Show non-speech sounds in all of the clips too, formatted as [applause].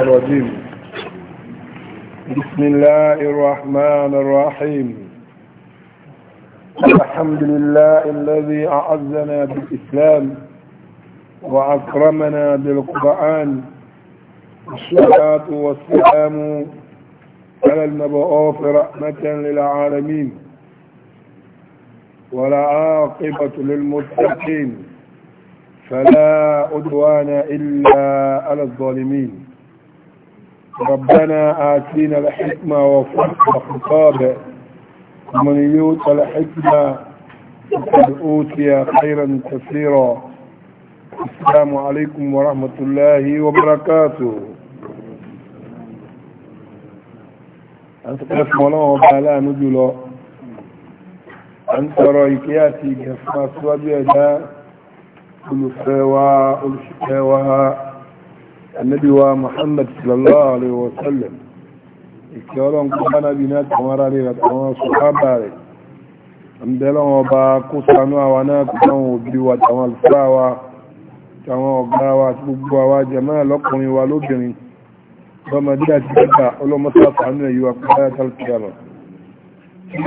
الرجيم بسم الله الرحمن الرحيم الحمد لله الذي أعزنا بالإسلام وأكرمنا بالقرآن والصلاة والسلام على المبعوث رحمة للعالمين ولا عاقبة للمتقين فلا أدوان إلا على الظالمين ربنا آتينا الحكمة وفق الخطاب ومن يوت الحكمة فقد أوتي خيرا كثيرا السلام عليكم ورحمة الله وبركاته أنت قلت مولاه وبالا نجلا أنت رأيكياتي كفما سواجه كل فوا كل شكاوها annabi wa muhammad sallallahu alaihi wasallam ìkẹ́ ọlọ́run kó bá nábi náà tàwọn ará rẹ̀ àtàwọn sọ́hábà rẹ̀ àmìdẹ́lọ́wọ́ ọba kó sanú àwa náà kó táwọn òbí wa tàwọn àlùfáà wa tàwọn ọ̀gá wa àti gbogbo àwa jàmáà lọ́kùnrin wa lóbìnrin bọ́mọdé àti gbígbà ọlọ́mọsá sànú ẹ̀yí wa kó bá yàtọ̀ kíyàmà tí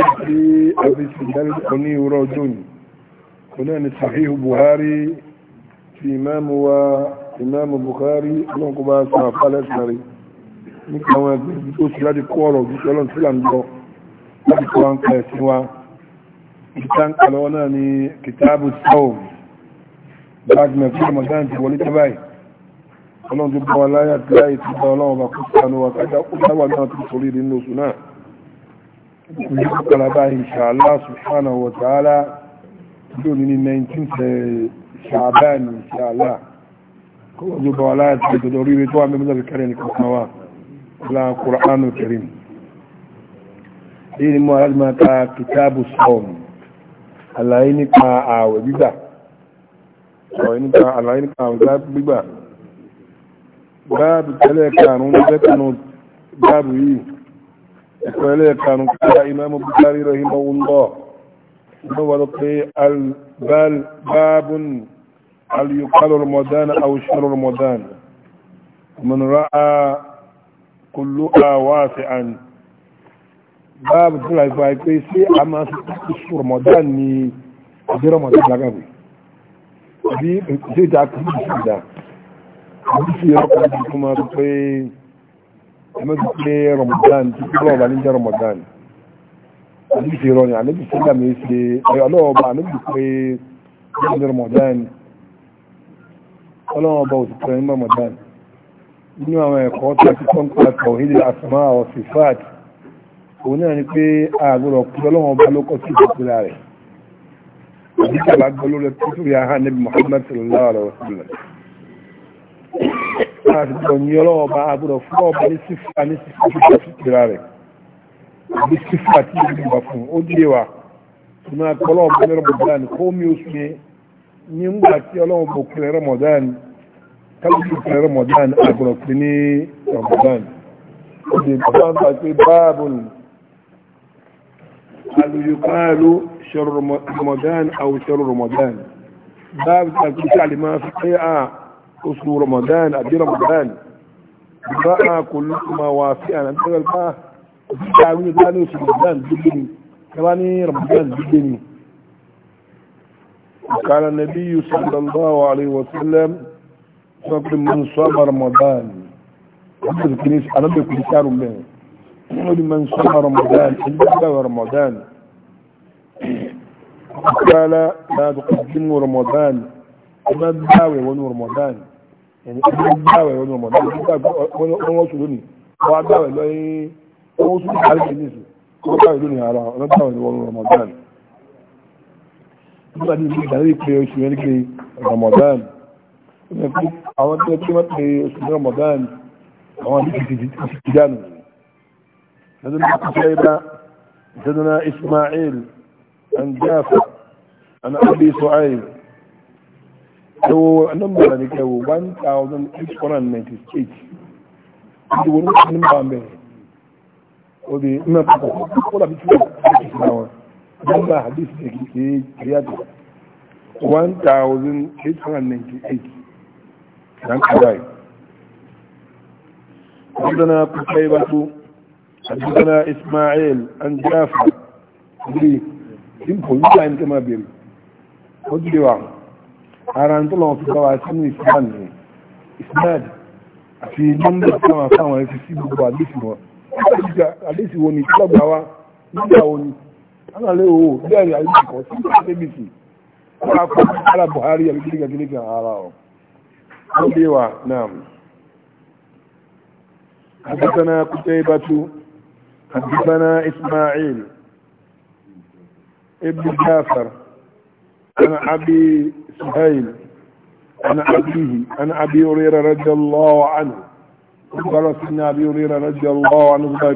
a fi ṣèdárí oní ìwúrọ̀ ọjọ́ òní kò ni sahihu buhari ti imáàmù wa ìmáàmù Bukhari ọlọ́nkọba sàn fálẹ́sìnàrí nípa àwọn ẹgbẹ́ ibi tó ti láti kó ọ̀rọ̀ òjíṣẹ́ ọlọ́run sílà ń lọ láti kó àǹkà ẹ̀sìn wa ìta ń kà lọ́wọ́ náà ní kìtàbù sọ́ọ̀m báàgìmẹ̀ fún ọmọdán ti wọlé tẹ́ báyìí ọlọ́run tó bọ́ wa láyà tí láyè tó bá ọlọ́run bá kó sànù wa kájà ó dáwà náà tó sórí nínú oṣù náà ìyí kó kala báyìí inshallah subhanahu wa ta'ala lónìí ní 19th ṣàbáyìí inshallah وجب ولا تدوري تو من ذلك كريم كما لا قران كريم دين ما لازم كتاب الصوم àlàyé nípa ààwẹ̀ gbígbà ọ̀rọ̀ nípa àlàyé nípa ààwẹ̀ gbígbà báàbù tẹ́lẹ̀ karùn lẹ́kànù báàbù yìí ẹ̀kọ́ ẹlẹ́ هل يقال رمضان أو شهر رمضان من رأى كلها واسعا باب طلع فايكي سي أما ستكسو رمضان ني دي رمضان لغاوي دي دي تاكسي سيدا دي سي رمضان كما تقول أما تقول رمضان تقول رمضان رمضان àníbìsí ìrọ̀rìn àníbìsí ìlàmì ìṣe ọlọ́ọ̀bà àníbìsí pé ní ọdún Ramadan ọlọ́run ọba òtítọ́ ní Ramadan nínú àwọn ẹ̀kọ́ tí a ti kọ́ ń pa tawhid al-asma wa sifat òun náà ni pé àgbọ̀rọ̀ pé ọlọ́run ọba ló kọ́ sí ìdókòlá rẹ̀ àbí kàbá gbọ́ lórí títúrí ahá níbi Muhammad sallallahu alaihi wa sallam láti gbọ́ ní ọlọ́run ọba àgbọ̀rọ̀ fún ní ń gbà tí ọlọ́run bò pẹ̀lẹ̀ Ramadan kálùkù pẹ̀lẹ̀ Ramadan àgbọ̀rọ̀ pé ní Ramadan ó dè bàbá ń pàṣẹ báàbù alùyùkálù ṣọrọ Ramadan àwùṣọrọ Ramadan báàbù àti ìṣàlẹ̀ máa fi pé à oṣù Ramadan àbí Ramadan bá a kò lùkùmá wà sí àná ìgbà ní Ramadan gbígbé ni قال النبي صلى الله عليه وسلم صلى من صام رمضان أنا كنيس أنا بكل شهر من من صام رمضان إلا رمضان قال لا تقدموا رمضان أنا داوي ونو رمضان يعني ما داوي ونو رمضان أنا وصلوني وأداوي لأي أنا وصلوني على الكنيس أنا داوي لوني على أنا داوي ونو رمضان nígbà tí ìgbà rí pé oṣù yẹn pé Ramadan àwọn tó kí wọ́n pé oṣù Ramadan àwọn ìdíjìdánù سيدنا قتيبة سيدنا إسماعيل عن جافر عن أبي سعيد هو نمبر لك هو 1898 يقولون نمبر عن بيه ودي ما تقول ولا بتقول damba hadith da ke riyadu 1898 dan kawai حدثنا قتيبة حدثنا إسماعيل عن جعفر بن سيمبل يعني كما بيم خدوا أرانت الله في قواسم إسلام إسناد في جنب كما كان في سيبوا بعد اسمه أليس وني طلبوا وني alálẹ́ o bẹ́ẹ̀ ni àyè kọ̀ sí abc wọ́n á kọ́ ara buhari àbí gírígà gírígà ara ọ̀ wọ́n bí wa náà حدثنا قتيبة حدثنا إسماعيل ابن جعفر عن أبي سهيل عن أبيه عن أبي هريرة رضي الله عنه قال سيدنا أبي هريرة رضي الله عنه قال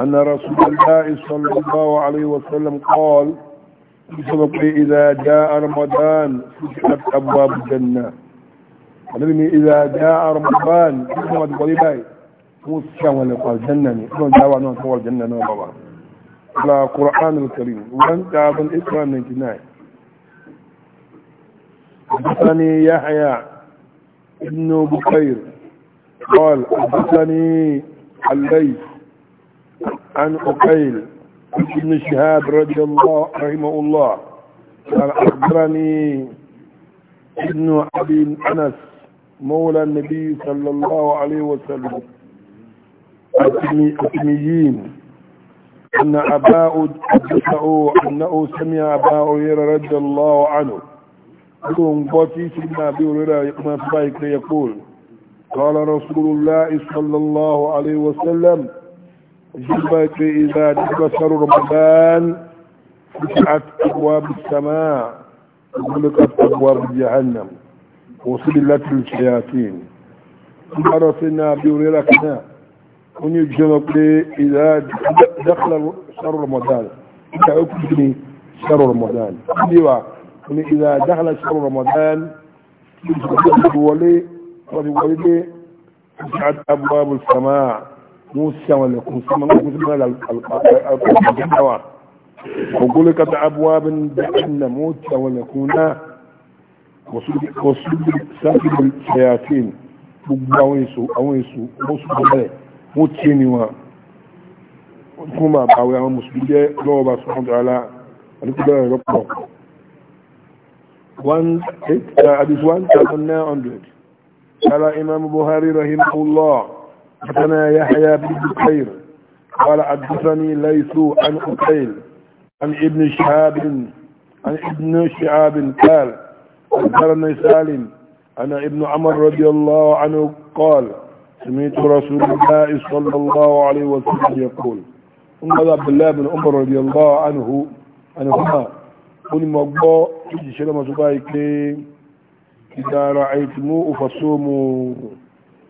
أن رسول الله صلى الله عليه وسلم قال بسبب إذا جاء رمضان فتحت أبواب الجنة النبي إذا جاء رمضان محمد قريباي موسى ولقى الجنة نحن جاء أبواب الجنة نوبا على القرآن الكريم وأن جاب الإسلام من جناي حدثني يحيى ابن بكير قال حدثني الليث عن عقيل بن شهاب رضي الله رحمه الله قال أخبرني ابن أبي أنس مولى النبي صلى الله عليه وسلم الأتميين أن أباء حدثه أنه سمع أباء هريرة رضي الله عنه يقول قوتي سيدنا أبي هريرة يقول قال رسول الله صلى الله عليه وسلم جبة إذا دخل شهر رمضان فتحت أبواب السماء وغلقت أبواب جهنم وصلت للشياطين قال سيدنا أبي هريرة كنا أن يجنب إذا دخل شهر رمضان تعكسني شهر رمضان ديوا إذا دخل شهر رمضان يجنب ولي ولي فتحت أبواب السماء موسى والكوسما موسى القوى وغلقت أبواب جهنم موسى والكونا وسجد ساكن الشياطين gbogbo àwọn èso àwọn èso mọ́sùlùmí rẹ̀ wọ́n tí ní wọn fún ma bàwẹ̀ àwọn mùsùlùmí jẹ́ lọ́wọ́ bá sọ́kàn tààlà àdúgbòbẹ̀rẹ̀ lọ́pọ̀ 1,900 tààlà imam Buhari rahimahullah حدثنا يحيى بن بكير قال حدثني ليس عن أكيل عن ابن شهاب عن ابن شهاب قال أخبرني سالم أنا ابن عمر رضي الله عنه قال سمعت رسول الله صلى الله عليه وسلم يقول أمد عبد الله بن عمر رضي الله عنه عنهما قل ما قال إذا رأيتموه فصوموا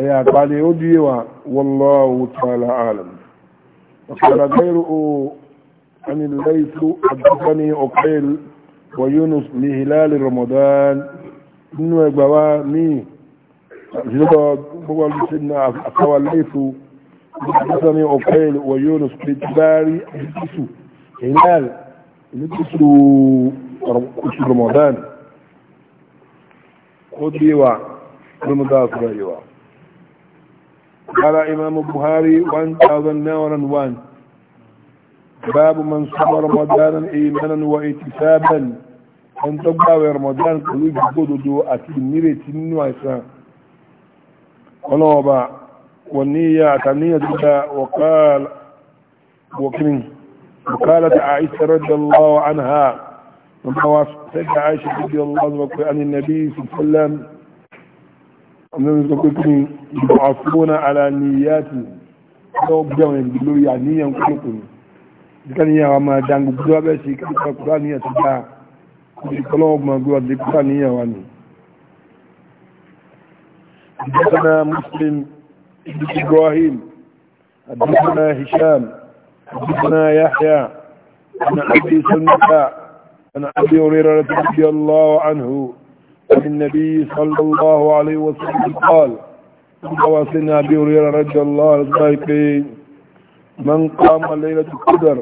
يا قالي وديوا والله تعالى عالم وقال غيره عن الليث حدثني أقيل ويونس لهلال رمضان إنه يقبوا مي جلد بقول سيدنا أقوى الليث حدثني أقيل ويونس بتباري أجلسو هلال أجلسو رمضان خذ بيوا رمضان خذ بيوا قال إمام البخاري 1001 باب من صام رمضان إيمانا واحتسابا أن تبقى رمضان كل جهود دو أتنيرة نوعسا قلوبا والنية تنية دو وقال وكمن وقالت عائشة رضي الله عنها وما واسطة عائشة رضي الله عنها عن النبي صلى الله عليه وسلم ọmọdé sọ pé kí ni ìbò àfúnà ara ní ìyá ti lọ gbé àwọn ìdí lórí àníyàn kúròkò ní ìdíkà ní àwọn ọmọ ajá gbogbo abẹ́ sí kíkọ́ kúrò àníyàn tó dáa kò sí kọ́lọ́ ọmọ gbogbo àti يحيى عن ابي سلمة عن ابي هريره رضي الله عنه النبي صلى الله عليه وسلم قال وصلنا أبي هريرة رضي الله عنه من قام ليلة القدر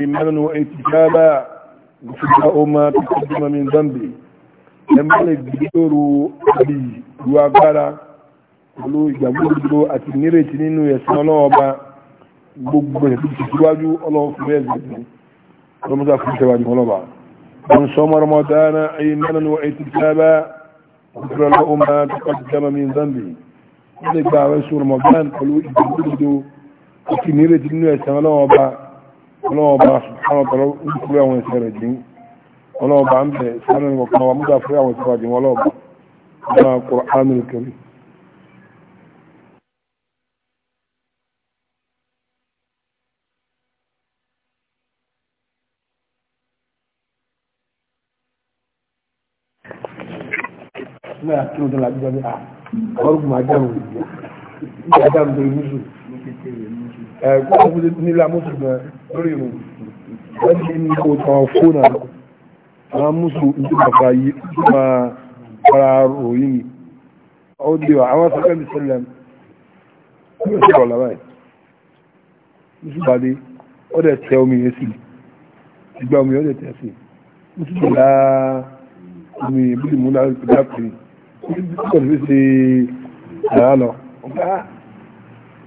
إيمانا واحتسابا غفر ما تقدم من ذنبه لما الدكتور أبي وقال pẹ̀lú ìgbàgbọ́dúdúró àti nírètí nínú ẹ̀sìn ọlọ́ọba gbogbo ẹ̀ tó ti síwájú ọlọ́ọ̀fẹ́ ẹ̀sìn ọlọ́mọdé fún ìṣẹ́wájú من صام رمضان ايمانا واحتسابا غفر له ما تقدم من ذنبه ذلك بعد رمضان قالوا ادخلوا كنيرة الناس الله أبا الله أبا سبحانه وتعالى انتبه وانسرجين الله أبا عمد سنة وقنا ومدى فرع وانسرجين الله أبا القرآن الكريم fẹ́ àkíwọ̀n tó lábí jọbi ọrùn máa dáhùn ìgbà dáhùn tó ìmúṣù ẹ̀kọ́ ọkùnrin nílá mọ́sù gan lórí ìrùn wọ́n ti ní kó tán fóònù àwọn mọ́sù tó bàbá yìí tó máa fara ròyìn ó di àwọn sọ́kẹ́ mi sẹ́lẹ̀ kí ló sọ̀rọ̀ lára ẹ̀ mọ́sù bàdé ó dẹ̀ tẹ omi yẹn sí ìgbà omi ó dẹ̀ tẹ̀ sí mọ́sù tó lá omi ìbílẹ̀ múná ìpínlẹ̀ pẹ̀lú ṣe àrá lọ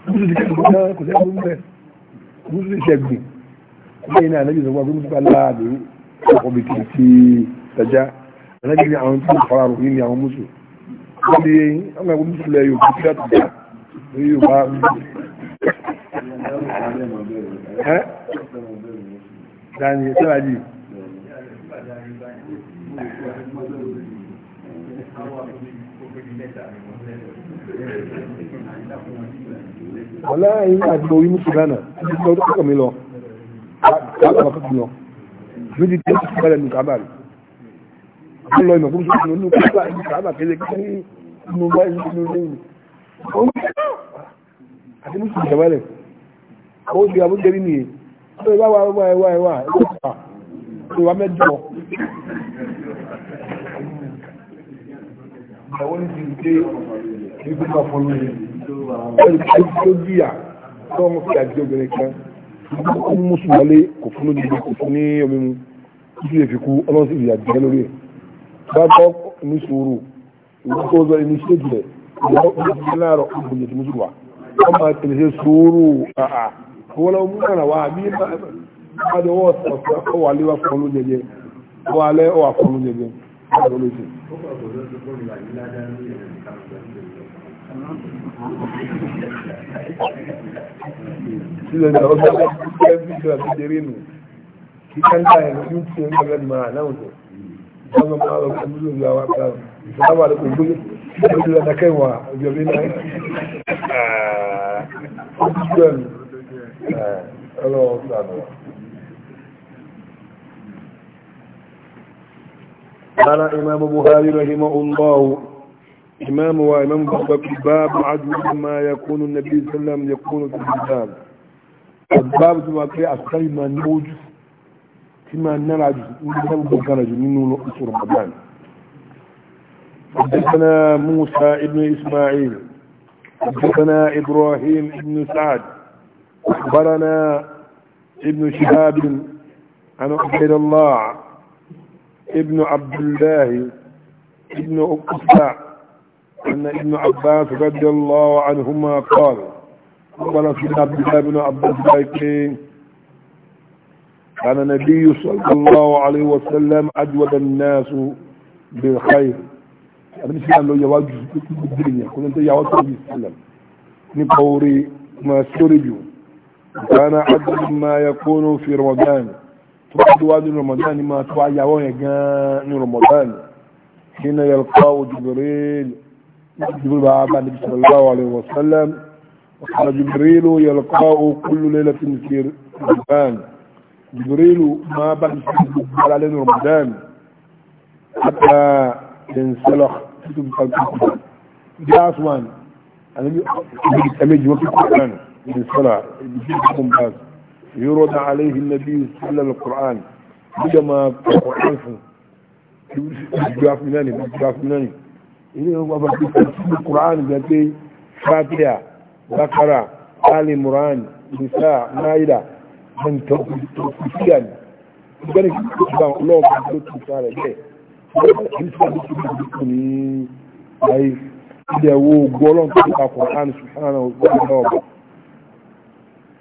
gúúsù ti kẹ́kọ̀ọ́ náà kò sẹ́kọ̀ọ́ ń bẹ̀ gúúsù ti ṣẹ̀gbìn lẹ́yìn náà anábì sọ́gbà gúúsù bá láàbì ọkọ̀ bìkì ti ṣẹjá anábì ní àwọn tó fara rò ní àwọn mùsù wọ́n di ọmọ ẹgbẹ́ mùsù lẹ́yìn òkú tí láti gbà lórí Yorùbá ẹ́ dani sẹ́wàá yìí wọ́lá yìí àti orí mú ṣùgbọ́nà ẹgbẹ́ ọdún kọ́kọ́ mi lọ láàpọ̀ kọ́kọ́ lọ méjì tí ó ti bẹ̀rẹ̀ nù kábà rẹ̀ wọ́n lọ ìmọ̀ kúrúsù ìlú nù kábà nù kábà kéde kí nù bá ìlú nù lẹ́yìn àti mú ṣùgbọ́n rẹ̀ ó di abúlé rí nìyẹn ó wá wá wá wá wá wá wá wá mẹ́jọ ìyàwó ní ti dé ìgbìmọ̀ fún mi ẹni tó bíyà tó wọn fi àjẹ obìnrin kan ó mú sùmọ́lé kò fún lójú kò fún ní omi mu títí lè fi kú ọlọ́run sì fi àjẹ lórí ẹ̀ bá bọ́ ní sùúrù ìwọ́n tó zọ inú ṣé jùlẹ̀ ìwọ́n tó ti láàárọ̀ ọ̀gbìn ètò mùsùlùmí wa wọ́n máa tẹ̀lé ṣe sùúrù àà wọ́n lọ báwo ló ṣe. sílẹ̀ ní ọjọ́ ìgbẹ́ fíjọ àti jẹrí nù kí kẹ́ńtà ẹ̀ ló ti ń gbẹ́gbẹ́ ní màá náà tó wọ́n máa máa lọ fún mílíọ̀nù ìlú àwọn àgbà ìfọwọ́ àti kò gbóyè lójú ọ̀dà kẹwàá ọjọ́ bí náà ó ti jẹ́ ọ̀nà ọlọ́wọ́ fún àná wa. قال إمام بخاري رحمه الله إمام وإمام باب عدو ما يكون النبي صلى الله عليه وسلم يكون في الحجاب الباب ما في pé ما ìmọ̀ كما ojú tí máa nára jù رمضان gbogbo حدثنا موسى ابن إسماعيل حدثنا إبراهيم ابن سعد أخبرنا ابن شهاب عن عبد الله ابن عبد الله ابن أقصى أن ابن عباس رضي الله عنهما قال قال في عبد الله بن عباس بايكين كان النبي صلى الله عليه وسلم أجود الناس بالخير يعني أنا مش لو يواجه في الدنيا كل أنت يواجه في السلام نبوري ما سوري كان أجود ما يكون في رمضان tó bá dúwá ní ramadan ni máa tó ayàwó yẹn gan ní ramadan hina yalqahu jibril jibril bá bá nabi sallallahu alaihi wa sallam ala jibril yalqahu kullu laylatin fi ramadan jibril ma bá nabi sallallahu alaihi wa ramadan hatta yansalakh kutub al-quran that's يرد عليه النبي صلى الله عليه وسلم القرآن بدما القرآن جاف مناني جاف مناني إليه هو القرآن جاتي فاتحة بقرة آل مران نساء مائدة من توفيان gbẹ́ni gbọ́n ọlọ́ọ̀gbọ́n ló tún sáà rẹ̀ bẹ́ẹ̀ ní sọ́dọ̀ tó bí ìdíkù ní الله ìdẹ̀wò gbọ́lọ́n tó kà kọ̀ọ̀án ṣùgbọ́n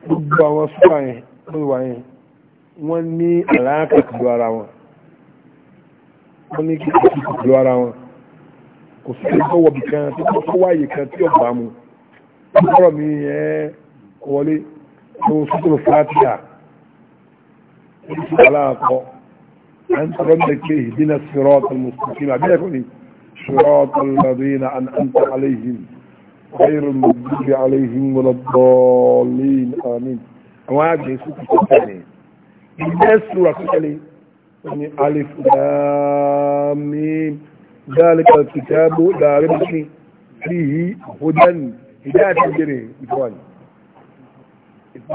gbogbo àwọn súpà yẹn wíwà yẹn wọ́n ní àlàákà pẹ̀lú ara wọn wọ́n ní kí wọ́n kí pẹ̀lú ara wọn kò sí ẹgbẹ́ wọ̀bì kan tí wọ́n tó wáyé kan tí ọ̀gbà mu ọ̀rọ̀ mi yẹn kò wọlé tó sọ́tòrò fàtíà ní ti aláàkọ́ à ń sọ̀rọ̀ mi pé ìdínà sirọ́ọ̀tù mùsùlùmí àbí ẹ̀kọ́ ni sirọ́ọ̀tù lọ́dún yìí غير المغضوب عليهم ولا الضالين آمين àwọn àgbẹ̀ sùkú tó tẹ̀lé ilé sùúrà tó tẹ̀lé wọ́n ni alif lamim dáàlìkà kìtàbù láàrin mọ́sí sí yìí hudan hidaya ti jẹrẹ ìfọwọ́n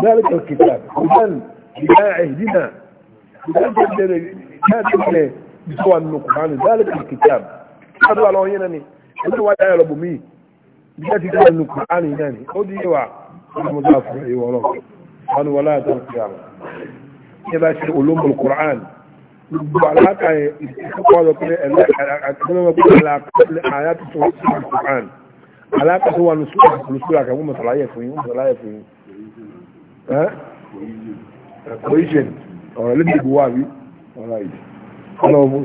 dáàlìkà kìtàbù hudan hidaya ìdínà hidaya ti jẹrẹ hidaya ti jẹrẹ ìfọwọ́n nù kùránì dáàlìkà kìtàbù kí wọ́n tó wà lọ́wọ́ yẹn náà ni wọ́n tó wà dáyà lọ́bù míì jẹ́ ti kọ́ nínú kùránì náà ni ó di ìwà ọmọdé àfúrẹ́ ìwọ̀ ọlọ́run wọn ni wọ́n láàtọ̀ sí àmà ní bá ṣe olómọlù kùránì gbogbo aláta ìfipá lọ pé ẹ̀lẹ́ aláta tó wà ní sùúrù olùsúra kan wọ́n mọ̀ sàlàyé fún yín wọ́n sàlàyé fún yín cohesion ọ̀rọ̀ lẹ́bí ìbò wà rí ọlọ́run ọlọ́run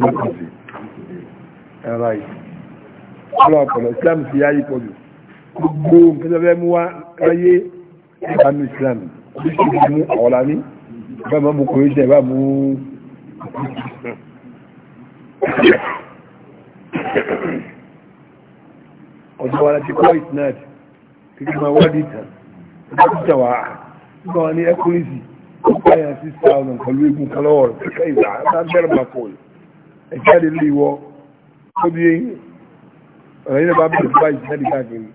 ọlọ́run ọlọ́run islam ti yáyí pọ̀jù gbogbo nkẹsẹ̀fẹ́ mú wá láyé ìbámu islam bí kí ní mú àwọ̀lá ní bá mọ́ mú kò ní jẹ́ bá mú [coughs] ọjọ́ wa láti kọ́ ìsináàdì kí kí máa wádìí ìtàn ọjọ́ títà wà á nígbà wọn ní ẹkùnrìsì ó pààyàn 6,000 pẹ̀lú egun kalọ́wọ̀ rẹ̀ kíkẹ́ ìlà lè wọ́ ọ̀rẹ́ yìí náà bá bẹ̀rẹ̀ bá ìsináàdì káàkiri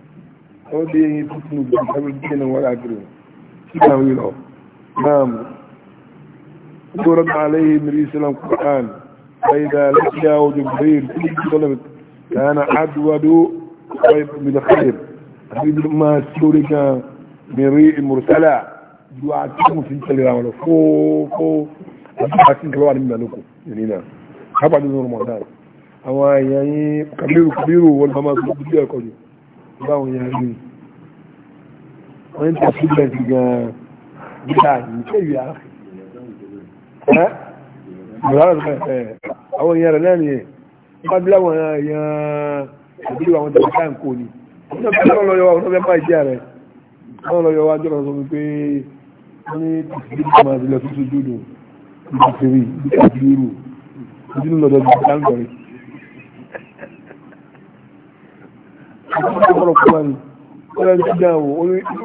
àwọn bí i tuntun ìgbà ìgbàmí díẹ̀ náà wọ́n àgbèrè sí àwọn ìlọ náà mú gbọ́rọ̀ bá aláyé mìírí islam kùrán fa'ida lafiya wa jubair kuli solomon kana adwado wa ibn khalid abin ma sori ka mìírí mursala ju a ti mu fi tẹ̀lé ra wọn lọ fó fó a ti kẹlẹ wà ní mìíràn lóko yìí náà haba ní báwọn yẹn rí wọ́n ń tẹ̀sí bẹ́ẹ̀ sí gan-an gíga yìí ṣé ìyá ẹ́ ìrọ̀lá rẹ̀ ẹ̀ àwọn èèyàn rẹ̀ lẹ́nu yẹn wọ́n bí láwọn èèyàn ìdílé àwọn tẹ̀sí káà ń kó ni wọ́n lọ yọ wa wọ́n fẹ́ bá ìṣe rẹ̀ wọ́n lọ yọ wa jọ́rọ̀ sọ pé wọ́n ní tẹ̀sí bí wọ́n máa ti lọ sí sojú dùn ìdílé ìdílé ìdílé lọ́dọ̀ ìdílé ọ̀pọ̀lọpọ̀ kọ́mà ni ọ̀rẹ́ ti dáwò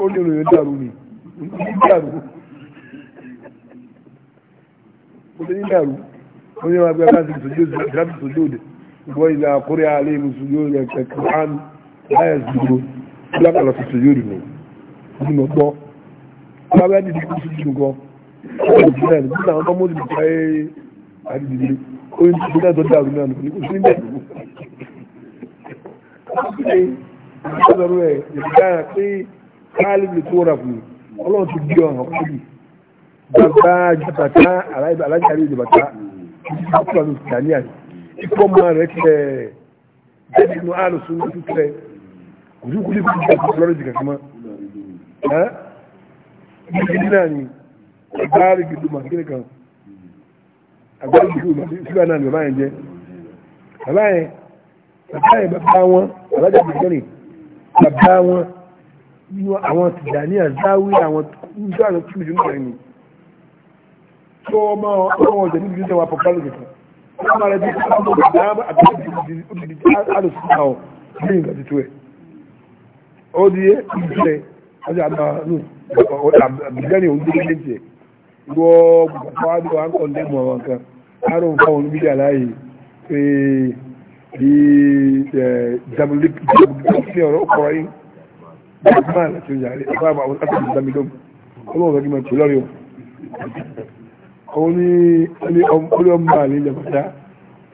oníròyìn dàrú ni dàrú kòtò ní dàrú onye wa gbẹ́ láti sojúdè ìwọ ilẹ̀ àkúrẹ́ alẹ́ musulmi rẹ̀ kẹ̀kẹ́ án láyẹ̀ zùgbò lápàlọ̀ sí sojúdè ni nínú gbọ́ ọlọ́bẹ̀ dìde kú sí jù gan ọ̀rẹ́ ìdílé náà ọmọ mọ́sí bìtẹ́ àdìdìdì oyin tó dàrú náà ní kò sí ní dàrú ìgbàlọ́rọ̀ ẹ̀ ìgbàlọ́rọ̀ pé káàlì lè tó rà fún ọlọ́run ti gbé ọ̀nà kọ́bì bàbá jùbàtà alájàrí ìdìbàtà ìdìbàtà ìdìbàtà ìfọ́mọ rẹ̀ tẹ̀ jẹ́bi inú àlùsùn ní títẹ̀ kùdùkùdù kùdù kùdù lọ́rọ̀ jù kàkàmá ní gidi náà ni agbára gidu màkìrì kan agbára gidu màkìrì síbẹ̀ náà ni bàbá yẹn jẹ́ bàbá yẹn bàbá yẹn bàbá wọn alájà gbẹ̀gẹ́rì bàbá wọn nínú àwọn tìjàní àzáwí àwọn níjọ́ àwọn tí ìjú mọ̀ ẹni tó ọmọ ọmọ ọjọ́ níbi ìjọba pọ̀pọ̀lù nìkan wọ́n máa rẹ̀ bí i ọmọ bàbá àbẹ̀bí alùsùnà ọ̀ bí nǹkan ti tó ẹ̀ ó di é ìjẹ́ ọjọ́ àbẹ̀gẹ́rì òun dúró léjì ẹ̀ gbọ́ bàbá wa ń kọ́ ndé mọ̀ àwọn kan á rò ń fọ́ òun bí i àláyé pé bí jabulí ọ̀rọ̀ ọkọ̀rọ̀ yìí jackman àti oyàrí ọba àwọn àti ìdámidọ́m ọlọ́run ọ̀gá gímọ̀ pẹ̀lú ọ̀rẹ́ òun ní ọmọ àlè ìjàmbá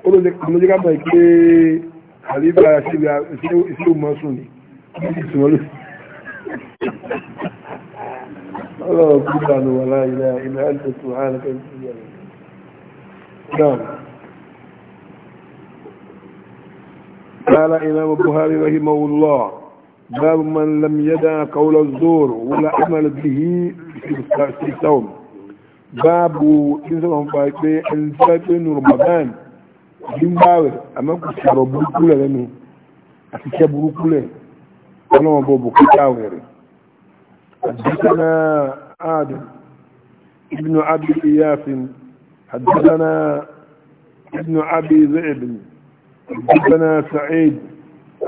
olójẹ́ ká mọ̀ pé àlébà sílẹ̀ ìṣẹ́ òmọ́sùn ni ìṣùmọ́ ló ọlọ́run kúrò àná wà láàyè ilẹ̀ àti ìṣùmọ́ àlè قال إمام البخاري رحمه الله باب من لم يدع قول الزور ولا عمل به في الصوم باب إنسان فاكبي إنسان رمضان جنباوي أما كنت ربك لنا أتكي برك لنا ولا مبوبك تاويري حدثنا آدم ابن أبي إياس حدثنا ابن أبي زئب حدثنا سعيد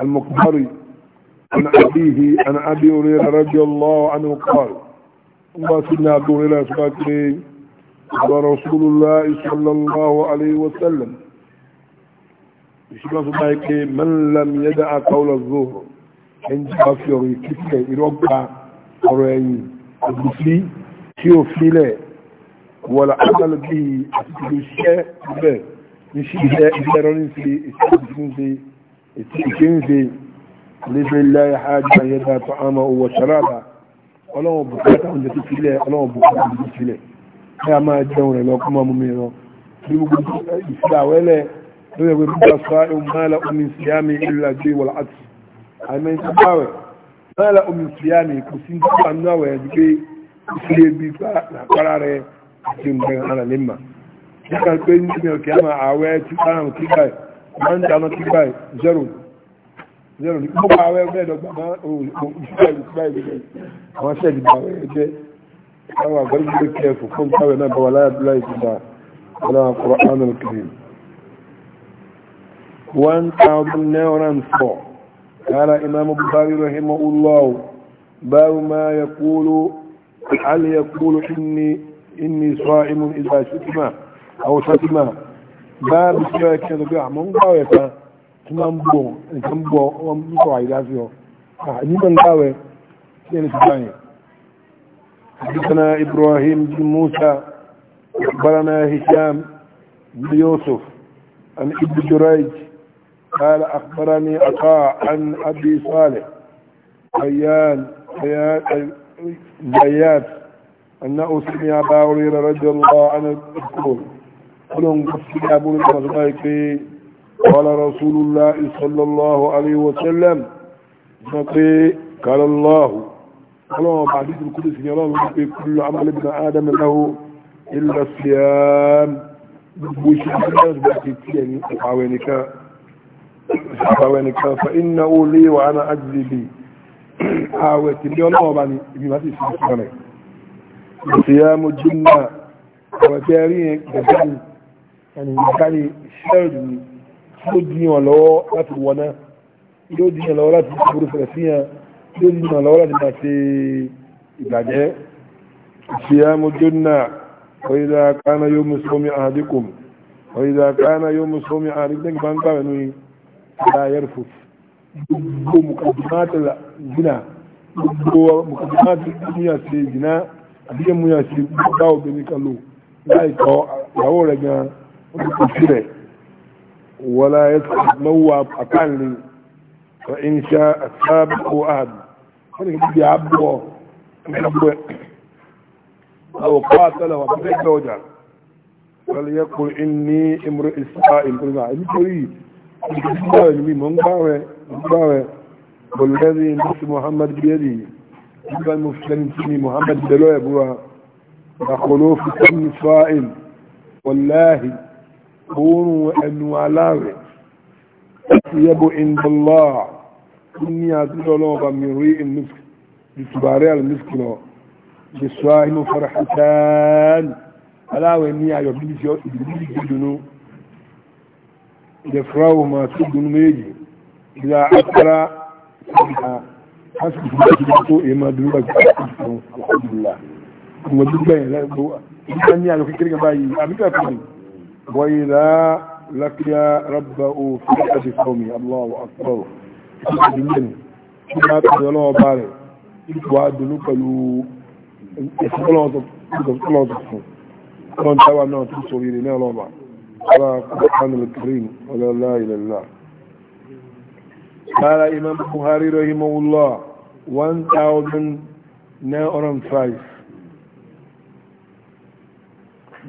المقبري عن أبيه عن أبي هريرة رضي الله عنه قال الله سيدنا عبد الله سباكري قال رسول الله صلى الله عليه وسلم يشبه سباكري من لم يدع قول الظهر عند أفيري كيف يربع أرأي أبوسي كيو ولا عمل به أفيري الشيء به iṣẹ́ ẹ̀rọ ní ṣe ìṣẹ́ ń ṣe lẹ́fẹ́ láyé hajjá yẹ́dá tó àmà owó ṣaráàbà ọlọ́wọ̀n bukata oúnjẹ tó sílẹ̀ ọlọ́wọ̀n bukata oúnjẹ tó sílẹ̀ ẹ a máa jẹun rẹ̀ lọ kọ́mọ mú mi rọ bí gbogbo ìṣẹ́ àwẹ́lẹ̀ lórí ẹgbẹ́ bíbá sọ ẹ̀ mọ́lá omi síyámi ìlà gbé wọlá àti àmì ń sáwẹ̀ mọ́lá omi síyámi kò sí nípa náwẹ̀ gbé ìṣẹ́ bí pa àpárá rẹ̀ àti nǹkan ara lè mà nígbà pé ní ìpínlẹ̀ òkè àmà ààwẹ̀ tí márùn kí báyìí máa ń dáná kí báyìí zero zero ní gbogbo ààwẹ̀ mẹ́ẹ̀dọ́gba máa ń ìṣúra ìlú báyìí lẹ́yìn àwọn aṣẹ́ ìdìbò ààwẹ̀ ẹgbẹ́ àwọn àgbẹ̀rẹ̀ gbé kẹfù fún káwẹ̀ náà bọ̀wọ̀ láyà bíláì ìdìbò àwọn akọrọ ánà kìrìm 1904 قال إمام البخاري رحمه الله باب ما يقول هل يقول إني إني صائم إذا شتمه أو شاتما باب الشيء كذا بيع من قاوية تنبو تنبو ومسوا عيلاتيو نيمان قاوية كيني تباني حدثنا إبراهيم بن موسى أخبرنا هشام بن يوسف عن ابن جريج قال أخبرني عطاء عن أبي صالح بيان بيان بيات أنه سمع أبا هريرة رضي الله عنه يقول قلهم قفل أبو المغنائك قال رسول الله صلى الله عليه وسلم نقي قال الله قالوا بعديد القدس يا الله كل عمل ابن آدم له إلا الصيام بوشي الناس يعني حاوينك حاوينك فإنه لي وأنا أجزي بي حاويت لي الله بني هذه تسمعني صيام الجنة وتاريخ الجنة ẹni ìgbàkárí ṣẹ́ẹ̀dù ni yóò díyàn lọ́wọ́ láti wọná yóò díyàn lọ́wọ́ láti ìgboro fẹ̀rẹ̀ síyàn yóò díyàn lọ́wọ́ láti máa ṣe ìbàjẹ́ ìṣìyàmú jónà ọ̀yẹ́dà kánà yóò mú sómi àdínkùn ọ̀yẹ́dà kánà yóò mú sómi àdínkùn láìkọ́ ìyàwó rẹ̀ gan-an كثيرة ولا يسقط مواب أكان لي فإن شاء السابق أهد فإن بدي عبده أو قاتله فبيت وجهه فليقل إني امرئ إسرائيل قلنا نعم. إنتري إسرائيل مين من قاوة من قاوة والذي نفس محمد بيده إذا المفسدين سمي محمد بلوه بوا دخلوا في سن إسرائيل والله oorun ẹnu aláàrẹ̀ yẹ́bù indọ́lá ní àtúnṣọ́ lọ́wọ́ bá mi rí ìtùbàrí alìmísìkì lọ bí sọ inú farahatan aláàrẹ̀ ní ayọ̀ bíbí ìdúnú ìdẹ̀fúráwò máa tún dúnú méjì ìlà àkàrà ìgbà lásìkò ìgbà tó èèmà dúnú bá gbà ìgbà ní ayọ̀ kékeré kan báyìí àbíkà fún mi وإذا لقي ربه في أحد قومه الله أكبر جميل ما تدلوا بالي وادلوا كلو إسلام إسلام كون توا نو تسوري لنا لوبا ولا قرآن الكريم ولا لا إله إلا الله قال إمام البخاري رحمه الله 1000 نائرم فايس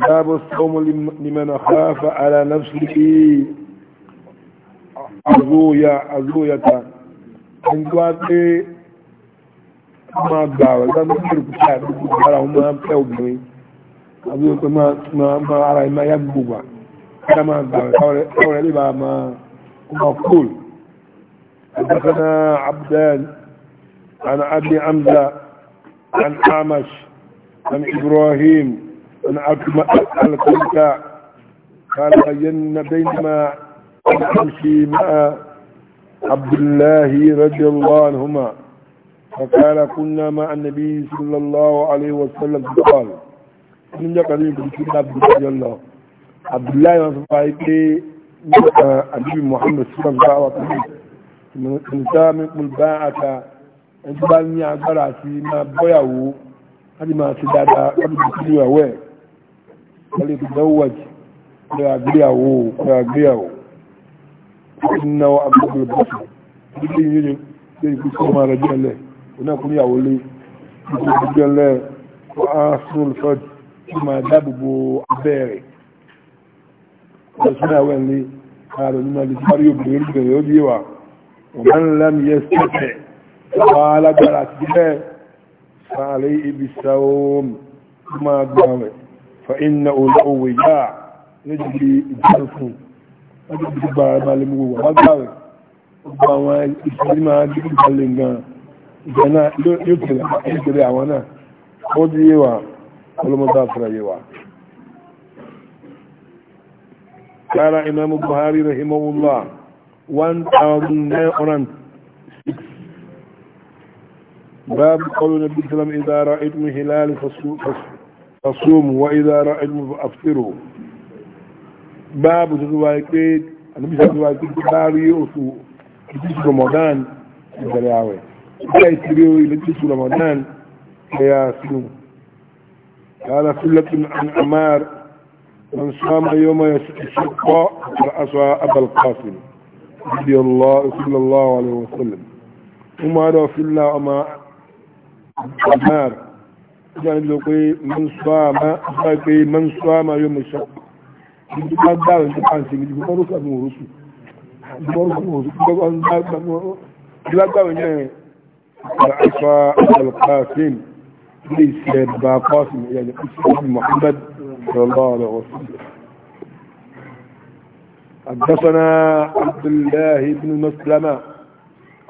باب الصوم لمن خاف على نفسه عزويا عزويا ان كواتي ما داو زعما كيرك شاد راه ما تاو بني ابو كما ما ما على ما يبغوا كما داو داو لي با ما مقول حدثنا عبدان عن ابي امزه عن حامش عن ابراهيم أنا أكما أسأل تلك قال بين بينما أمشي مع عبد الله رضي الله عنهما فقال كنا مع النبي صلى الله عليه وسلم قال من يقرأ بكتاب عبد الله عبد الله ينصفه أبي محمد صلى الله عليه وسلم من سامق الباعة أنت بالني عبارة ما بيعه هذه ما سدادة قبل بكتاب فليتزوج فيعجليه فيعجليه إنه أبوك البصر يجي يجي يجي كما رجع له هناك يا ولي رجع له وآخر الفج كما دابب أبيري وسنا وين لي قالوا لما لساريو بيرجع يوديوا ومن لم يستطع قال بلات جبه فعليه بالسوم كما دعوه فإنه له وجاع نجد جنفه نجد جبار مالمو وغاوي وغاوي إسلام جنب جلنغا جنا يتلع يتلع وانا خود يوا ولم تافر يوا قال إمام البخاري رحمه الله 1906 باب قول النبي صلى الله عليه وسلم إذا رأيتم هلال فصلوا أصوم وإذا رأيتم فأفطروا باب تتواكيد النبي صلى الله عليه وسلم باب يوسو لتيس رمضان الدراوي لا يتبعوا لتيس رمضان يا سنو قال سلة عن عمار من صام يوم يشق رأسها أبا القاسم رضي الله صلى الله عليه وسلم وما رسول الله أما عمار jẹ́ lọ pé mọ́nsúwámá yóò mọ̀ ṣọ́ ibi bá dáwọn tó pàǹsì ibi gbogbo rúfà mú orúsù حدثنا عبد الله بن مسلمة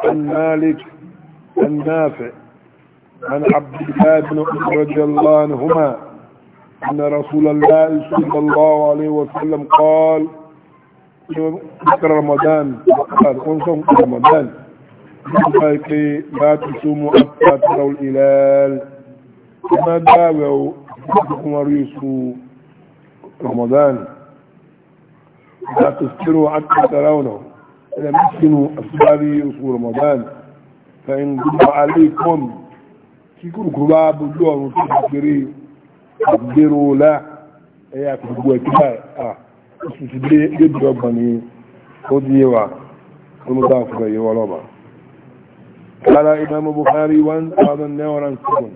عن مالك عن عن عبد الله بن عمر رضي الله عنهما أن رسول الله صلى الله عليه وسلم قال ذكر رمضان قال انصم رمضان لا تصوموا حتى تروا الهلال ما داووا مريسوا رمضان لا تفطروا حتى ترونه لم يسكنوا أسباب رمضان فإن جب عليكم kí kúrùkúrù bá bójú ọ̀run tó ti péré àgbéró ọlá ẹ̀yà gbogbo ẹ̀ kíkà à oṣù ti dé débi ọgbọ̀n ni ó di yé wa ó ló dá àfúrẹ́ yé wọ́n lọ́ba. قال إمام بخاري 1907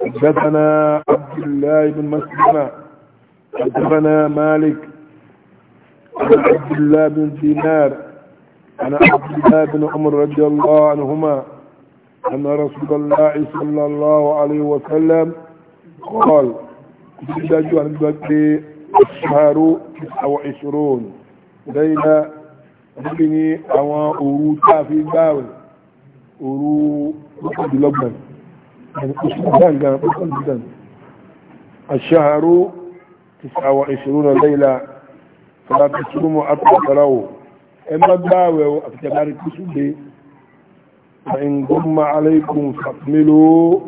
حدثنا عبد الله بن مسلمة حدثنا مالك عن عبد الله بن دينار عن عبد الله بن عمر رضي الله عنهما أن رسول الله صلى الله عليه وسلم قال بدأ عن بدء الشهر وعشرون ليلة بني أو أورو تافي باوي أورو مقد لبن يعني أسلوبان كان مقد لبن الشهر تسعة وعشرون ليلة فلا تصوموا أطلق له إما باوي أفتبارك بسوبي فإن ضم عليكم فاكملوا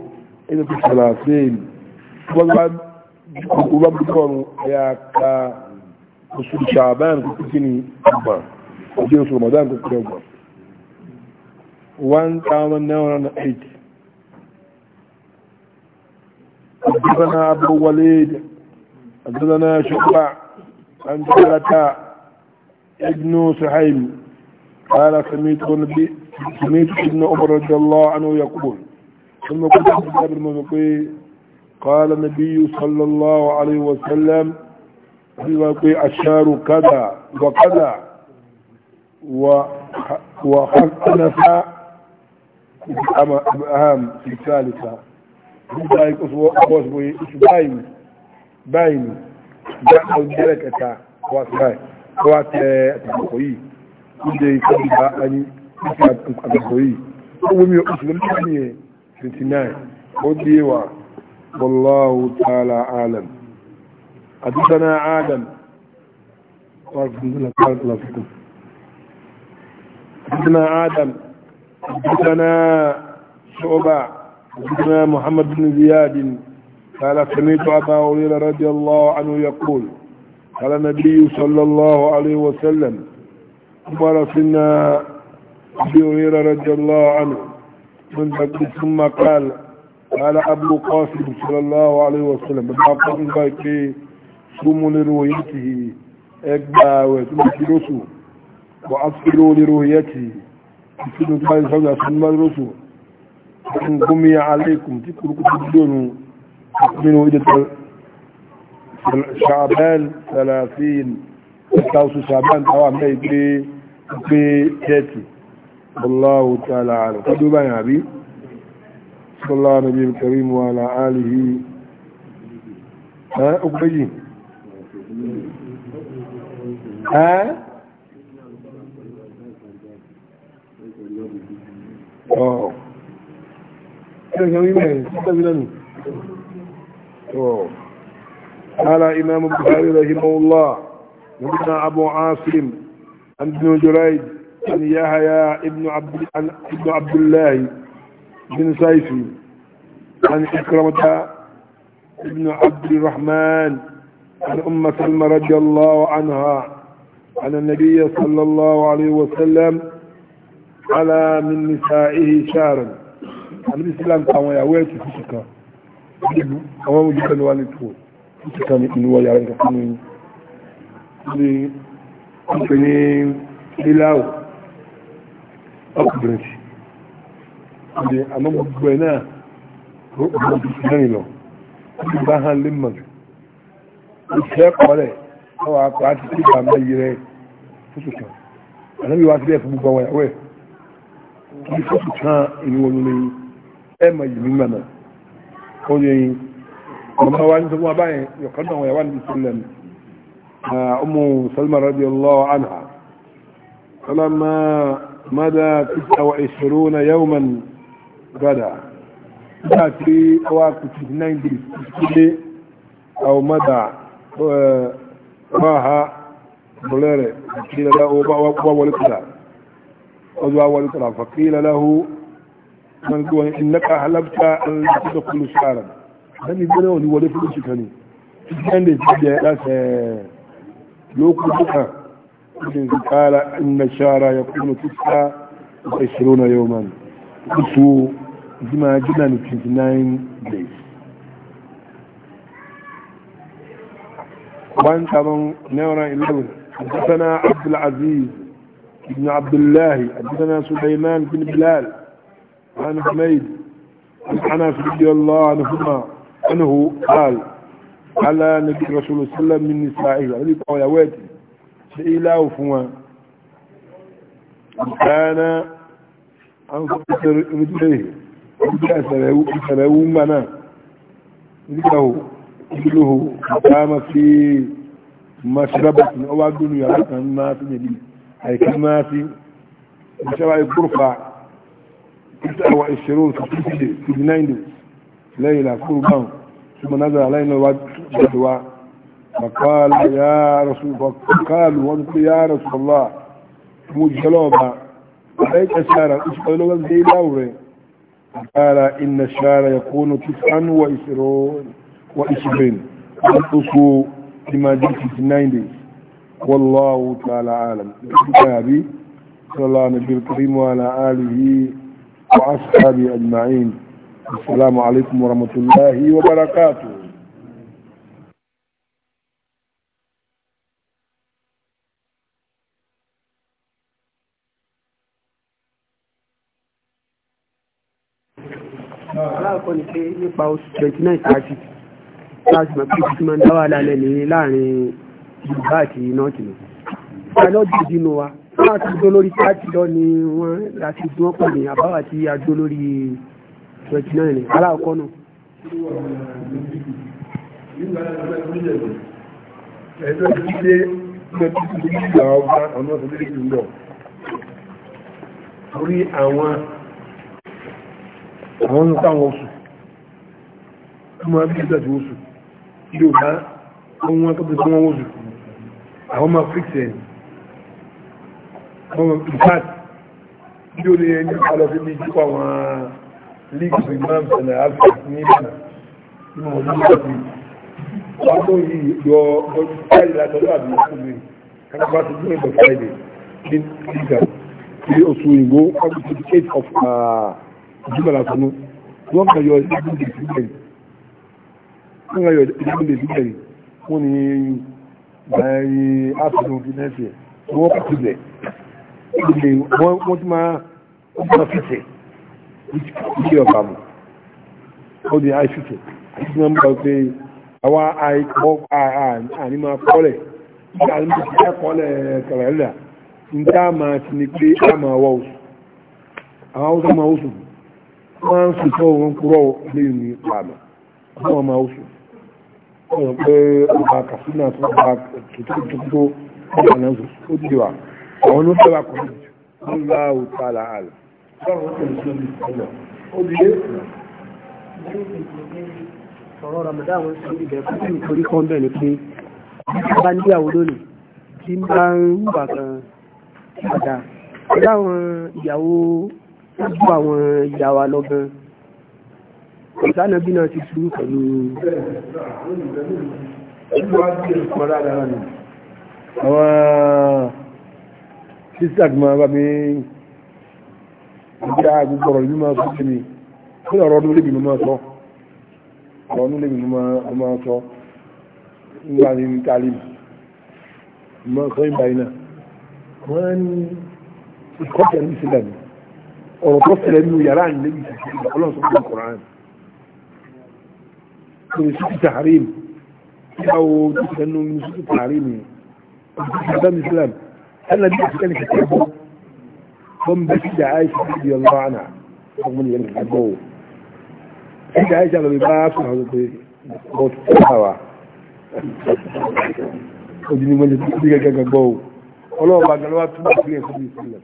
إلى الثلاثين وقد وبعد يا كا وصول شعبان كتيني أبا وجي وصول رمضان كتيني أبا 1908 حدثنا أبو وليد حدثنا شعبة عن جلتا ابن سحيم قال سميت النبي سميت ابن عمر رضي الله عنه يقول ثم قلت عبد المنقي قال النبي صلى الله عليه وسلم الشهر كذا وكذا وحسنف أهم في الثالثة بايك أصبوي باين باين باين باين باين باين باين àgbàgbòyí والله تعالى عالم حدثنا آدم حدثنا آدم حدثنا شعبا حدثنا محمد بن زياد قال سمعت أبا هريرة رضي الله عنه يقول قال النبي صلى الله عليه وسلم أمر أبي هريرة رضي الله عنه من بكر ثم قال قال أبو قاسم صلى الله عليه وسلم بقاقم بكي سموا لرؤيته أكباوة تمثلسوا وأصلوا لرؤيته تسلوا الله صلى الله عليه وسلم إن قمي عليكم تكركم تبدون تؤمنوا إذا شعبان ثلاثين تتاوسوا شعبان توام بي بي 30 الله تعالى عالم قدوا يا أبي صلى الله نبي الكريم وعلى آله ها أبي ها قال إمام البخاري رحمه الله نبينا أبو عاصم عن ابن جريج عن يحيى ابن عبد ابن عبد الله بن سيفي عن إكرمة ابن عبد الرحمن عن أم سلمة رضي الله عنها عن النبي صلى الله عليه وسلم على من نسائه شارا عن الإسلام كان ويأويت في شكا أمام جدا والده في شكا من ويأويت في شكا من إلاو upgrade ndé ndị gbogbo ẹ̀ náà mẹ́rin lọ ní bá hàn lè mọ̀ jù ìfẹ́ àwọn ọmọ wa yọ̀kan náà yà wà ní salima anha مدى 29 يوما غدا تأتي أواك 90 أو مدى راها بليري فقيل له وولكلا أدوى ولكلا فقيل له من قوة إنك أحلبت أن تدخل شعرا هذه بلوني ولكلا في تجد أن تجد لوكو بكا الذي قال إن الشهر يكون تسعة وعشرون يوما قصوا جمع جمع 29 days 1011 حدثنا عبد العزيز بن عبد الله حدثنا سليمان بن بلال عن حميد عن حناس رضي الله عنهما انه قال على نبي رسول الله صلى الله عليه وسلم من نسائه يعني يا قوياتي ṣe iláwò fún wọn ìtàánà àwọn ìṣẹ̀rẹ̀wú mbà náà nígbàwó ìlúhò ìtàánà sí masirabat ni ọwá dúnú yàrá kan máa sí nìbí àìkí máa sí ìṣẹ́wà ìgbòrfà ìtàwà ìṣẹ̀rọ̀ 59 days lẹ́yìn àkúrò báwọn tí mo náà zàrà láìnà wá فقال يا رسول فقال وانت يا رسول الله مجلوبا عليك شارع لغا زي دوري فقال إن الشارع يكون تسعا وعشرون وعشرين أنقصوا لما جئت في الناينديز والله تعالى عالم كتابي صلى الله نبي الكريم وعلى آله وأصحابه أجمعين السلام عليكم ورحمة الله وبركاته alákọ̀ọ́kọ́ ni pé nípa oṣù 29 30 láti mọ̀ pé títí máa ń dáwà lálẹ́ ní láàrin yorùbá àti nọ́ọ̀tì nù alọ́dìdì nù wa láti dó lórí 30 lọ ni wọ́n láti dún ọ̀pọ̀ ní àbáwà tí a dó lórí 29 ní alákọ̀ọ́kọ́ nù. ẹ̀ẹ́dọ́ ti dé mọ́tò ní ìgbà ọgbà ọ̀nà ọ̀sán lórí àwọn àwọn nǹkan oṣù ọmọ abúlé àti oṣù ilé ò bá ohun akọ́bí tí wọ́n oṣù àwọn ọmọ fíksẹ̀ ọmọ ìfàt ilé ò ní ẹni alọ́ sí bí jíkọ àwọn leagues imam sẹlẹ̀ alfred ní ìbànà nínú ọdún ìgbàgbé wọ́n tó yìí yọ ọdún friday láti ọdún àbí ìfúnmi kápá ti dúró ìbọ̀ friday ní ìgbà ní oṣù òyìnbó ọdún 28 of ah, jùmọ̀lá fún un wọ́n kàn yọ ìgbàgbé ìfúnmi wọ́n yọ ìdílé lè sílẹ̀ yìí wọ́n ní báyìí áfíìsì òfin náà tiẹ̀ wọ́n kò tilẹ̀ ilé wọ́n ti máa wọ́n ti máa fìtẹ̀ ilé ọ̀bà mu ó di àìfìtẹ̀ àti máa ń bá pé àwa àìkọ́ àní máa kọ́lẹ̀ nígbà tí mo ti fẹ́ kọ́lẹ̀ kàlẹ́là nígbà máa ti ní pé a máa wọ́ oṣù àwọn haúsá máa ọ̀rọ̀ pé ọba kàfínà tó ọba tòkòtòkòtò ọ̀nà ó di wa àwọn ló fẹ́ra kọ̀ ní láwù tààlà àlù báwọn ó tẹ̀lé sórí ìpínlẹ̀ ó di lé ọ̀rọ̀ Ramadan wọn sí ìbẹ̀rẹ̀ fún ìtorí kan bẹ̀ ni pé bá níyàwó lónìí tí bá ń wà kan àwọn ìyàwó lọ ìsáná bí náà ti ṣúrú pẹ̀lú àwọn sísàkì máa bá mi ìjá gbogbo ọ̀rọ̀ ìlú máa fún mi kí ọ̀rọ̀ ọdún lè bí máa sọ ọ̀rọ̀ ọdún lè bí máa sọ nígbà ní tààlì máa sọ ìgbà ونسيت تحريم أو أنه نسيت تحريم قدام الإسلام أنا دي كان كتابه قم بسيدة عائشة رضي الله عنها رغم أني أنا كتابه سيدة عائشة لما يبقى أفضل حضرتي قوت السحوة وديني من يتبقى كتابه ọlọ́wọ́ bá gẹ̀lọ́wà tó bá sílẹ̀ fún ìsìlẹ̀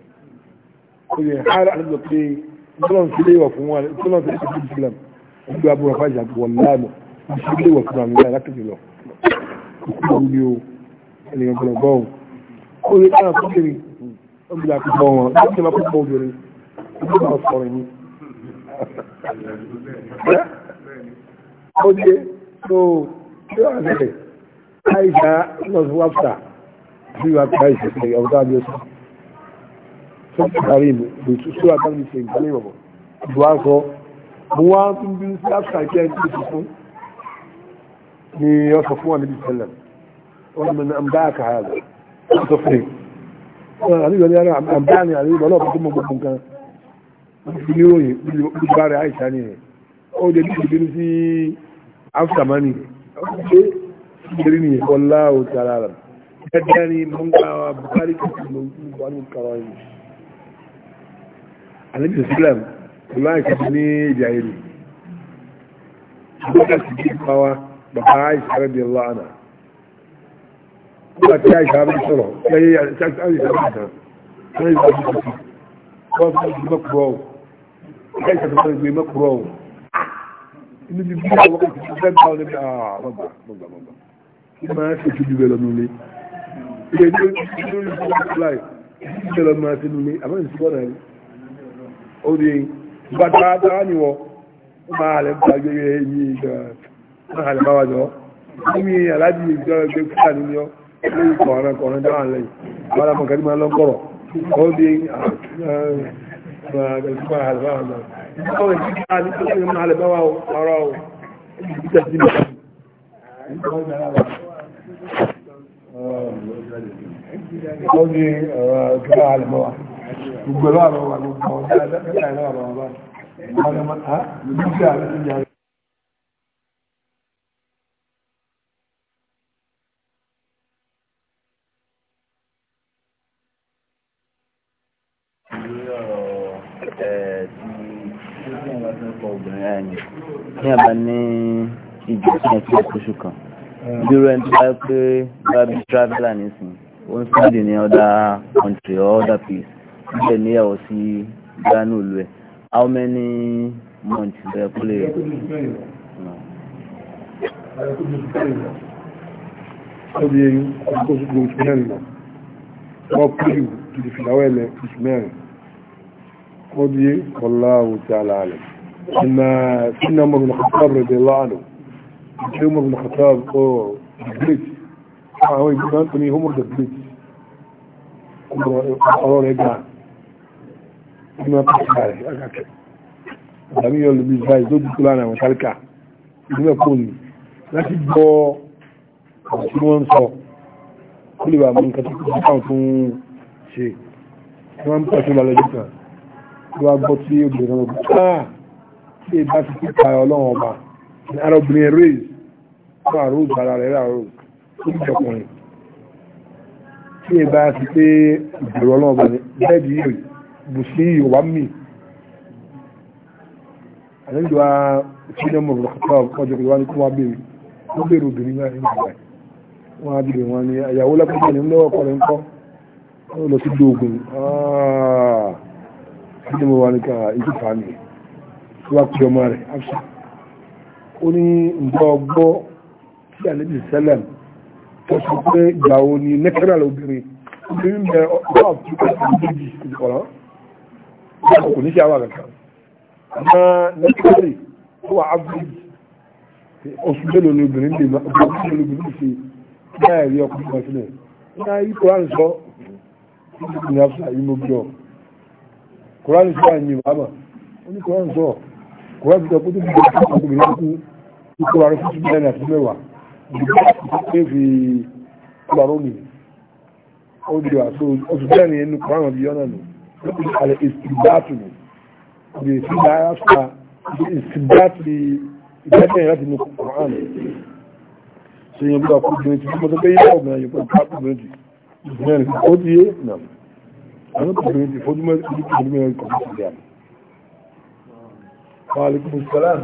oye hàrá àdúgbò pé tọ́lọ́n sílẹ̀ wà fún wọn tọ́lọ́n sílẹ̀ fún ìsìlẹ̀ ọdún abúrò fàájà wọ̀láàmù ìṣẹ́lẹ̀ wọ̀ fún àmì láti jùlọ ìkúrò ní o ènìyàn gbọ́nà bọ́ọ̀ ó lè kára tó kéré ọmọdé àkùkọ wọn láti máa púpọ̀ obìnrin ó bá sọ̀rọ̀ ní. ó dé tó tí ó àṣẹlẹ̀ àìsà lọ́sí wáfà bí wàá pa àìsà pé ọ̀gá abiyọ́sọ tó ń parí mi lòtú sí wàá bá mi ṣe ìgbàlẹ̀ ìrọ̀bọ̀ ìdùwà sọ mo wá tún bí sí àṣà ìṣẹ́ ìṣẹ́ fún ni يصفون النبي صلى الله عليه وسلم ومن أنباك هذا يصفني عليه أنا أنباني عليه ولا بكم بكم كان بنيوي بجبار عيش يعني أو ده بيجي بيجي عفسة ماني بيجيني والله تعالى كداني من بخاري من بخاري الكرائم النبي صلى الله عليه وسلم والله كدني جاهلي بكرة تجيب bàbá àìsà rẹ̀bí lọ́nà nígbà tí àìsà rẹ̀ sọ̀rọ̀ lẹ́yìn àìsà rẹ̀ sọ̀rọ̀ lẹ́yìn àìsà rẹ̀ sọ̀rọ̀ wọ́n fi ìgbé mọ́kúrọ̀ ọ̀hún àìsà tó fẹ́ ìgbé mọ́kúrọ̀ ọ̀hún inú ti bí àwọn ọkọ̀ tó fẹ́ bá ọ lẹ́bi àmọ́gbà mọ́gbà mọ́gbà kí máa ṣe ojú bẹ́ẹ̀ lọ́nu ilé ilé ní orí fún ọ̀pọ̀láì ojú bẹ́ẹ̀ lọ́nu máa ṣe nulẹ̀ àmọ́ ìṣúwọ́n náà ó di bàtà dáhà ni wọ́n máa lẹ́ wọ́n hàn bá wa jọ níbi aláàjì ìjọ ẹgbẹ́ fúlà nínú yọ lórí kọ̀ọ̀rọ̀ kọ̀ọ̀rọ̀ dáhà lẹ́yìn àwọn alamọ̀ kẹ́lí máa lọ́kọ̀rọ̀ ó di Ọdí ọ̀rọ̀ ìjọba àlùmọ́wà, gbogbo lọ́wọ́ àwọn àwọn ọmọ ọdá ẹgbẹ́ ìlọ́wọ́ àwọn ọba, ọdá mọ́ta, lójú sí àwọn ìjọba. ní àbá ní ìjọ tí wọ́n ti lè kóṣù kan dúró ẹni tó bá pé bá bí traveller nísìn ó ń sáàdì ní other country or other place níbẹ̀ níyàwó sí Ghana olú ẹ̀ how many months lè kó lè rẹ̀. Ọdún yẹn kó gbogbo oṣù mẹ́rin lọ. Wọ́n kúrò ìdìfìlàwọ̀ ẹ̀lẹ́ oṣù mẹ́rin. Ọdún yẹn ان سيدنا عمر بن الخطاب رضي الله عنه عمر بن الخطاب او دبليت هو يقول انت مين عمر دبليت قرار يجعل ما تسعى اكاك دامي يقول لي زي زود كلانا وتلكا يقول كوني láti gbọ́ àti wọ́n sọ kó من wà mú nǹkan tó kọ́ sáà fún ṣe wọ́n ń pàṣẹ lálẹ́jọ́ tí ẹ bá ti ti pa ọlọ́run ọba ní arọ́bìnrin rèéz fún àrùn ìgbàlá rẹ̀ ràrùn tó ti jọkùnrin tí ẹ bá ti pé ìbẹ̀rù ọlọ́run ọba ní bẹ́ẹ̀dì yìí bùsí yorùbá mì àlejò wa sílẹ̀ mọ̀ lọ́kọ̀tà ọjọ́ ìwà ní kó wá bèrè wọ́n bèrè obìnrin náà ní ìgbà wọn á bèrè wọn ní àyàwó lápẹ́jọ́ ní lọ́wọ́ kọ́ rẹ̀ ń kọ́ wọ́n lọ sí dóògùn ah sílẹ̀ mọ̀ wá ìtúfà nìyẹn wá pé ọmọ rẹ̀ afṣà ó ní ǹjọ́ ọgbọ́ tí àlejò sẹ́lẹ̀m tó sọ pé ìgbà wo ni nẹ́kẹ́rà lóbìnrin obìnrin bẹ ọgbà tó kẹsì méjì ìkọ̀rọ̀ ìgbà kò ní ṣe àwọn àgbàkà àmọ́ nẹ́kẹ́rì tó wà áfíríkì oṣù mélòó ni obìnrin lè máa ọgbà tó lè obìnrin ṣe báyà rí ọkùnrin kò wáyé sọ pé tó ti bẹ̀rẹ̀ fún ọkùnrin náà kú ikú ara fún tún náírà fún mẹ́wàá ìdílé àti fi kúlọ̀ ọ̀rọ̀ nìyí ó di àṣọ oṣù bẹ́ẹ̀ ni ẹnu kọ́ àwọn ìyọ́ náà nù ó ti àlẹ́ ìsìnbáàtù nù ó di ìsìnbáàtù ìdájọ́ yẹn láti nu kọ́ àwọn ṣe yẹn bí ọkùnrin tí wọ́n tó gbé yíyá obìnrin yìí pẹ̀lú ọkùnrin jù ìgbìyànjú ó ti yé nà àwọn ọkùnrin ti fojúmọ́ ìdíkùnrin kọ̀ọ̀kan ti dẹ̀ àná Wàhálùkùn Sọ́lám.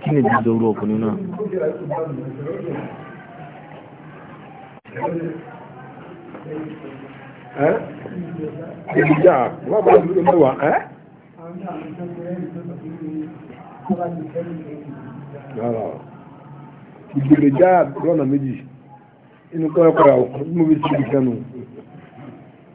Kí ni jíjọ orú ọkùnrin náà? Ẹ́ ìjà wọ́n bá lórí mẹ́wàá ẹ́? Rárá. Ìgbèrè já lọ́nà méjì. Inú kọ́ ẹ̀kọ́ ìyàwó, mú bí sí ìfẹ́ nù.